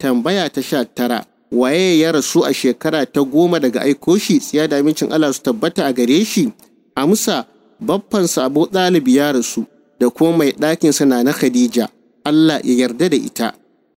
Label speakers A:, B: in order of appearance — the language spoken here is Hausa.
A: tambaya ta sha tara waye ya rasu a shekara ta goma daga aiko shi tsiya da amincin Allah su tabbata a gare shi amsa baffan sabo ɗalibi ya rasu da kuma mai ɗakin sa na Khadija Allah ya yarda da ita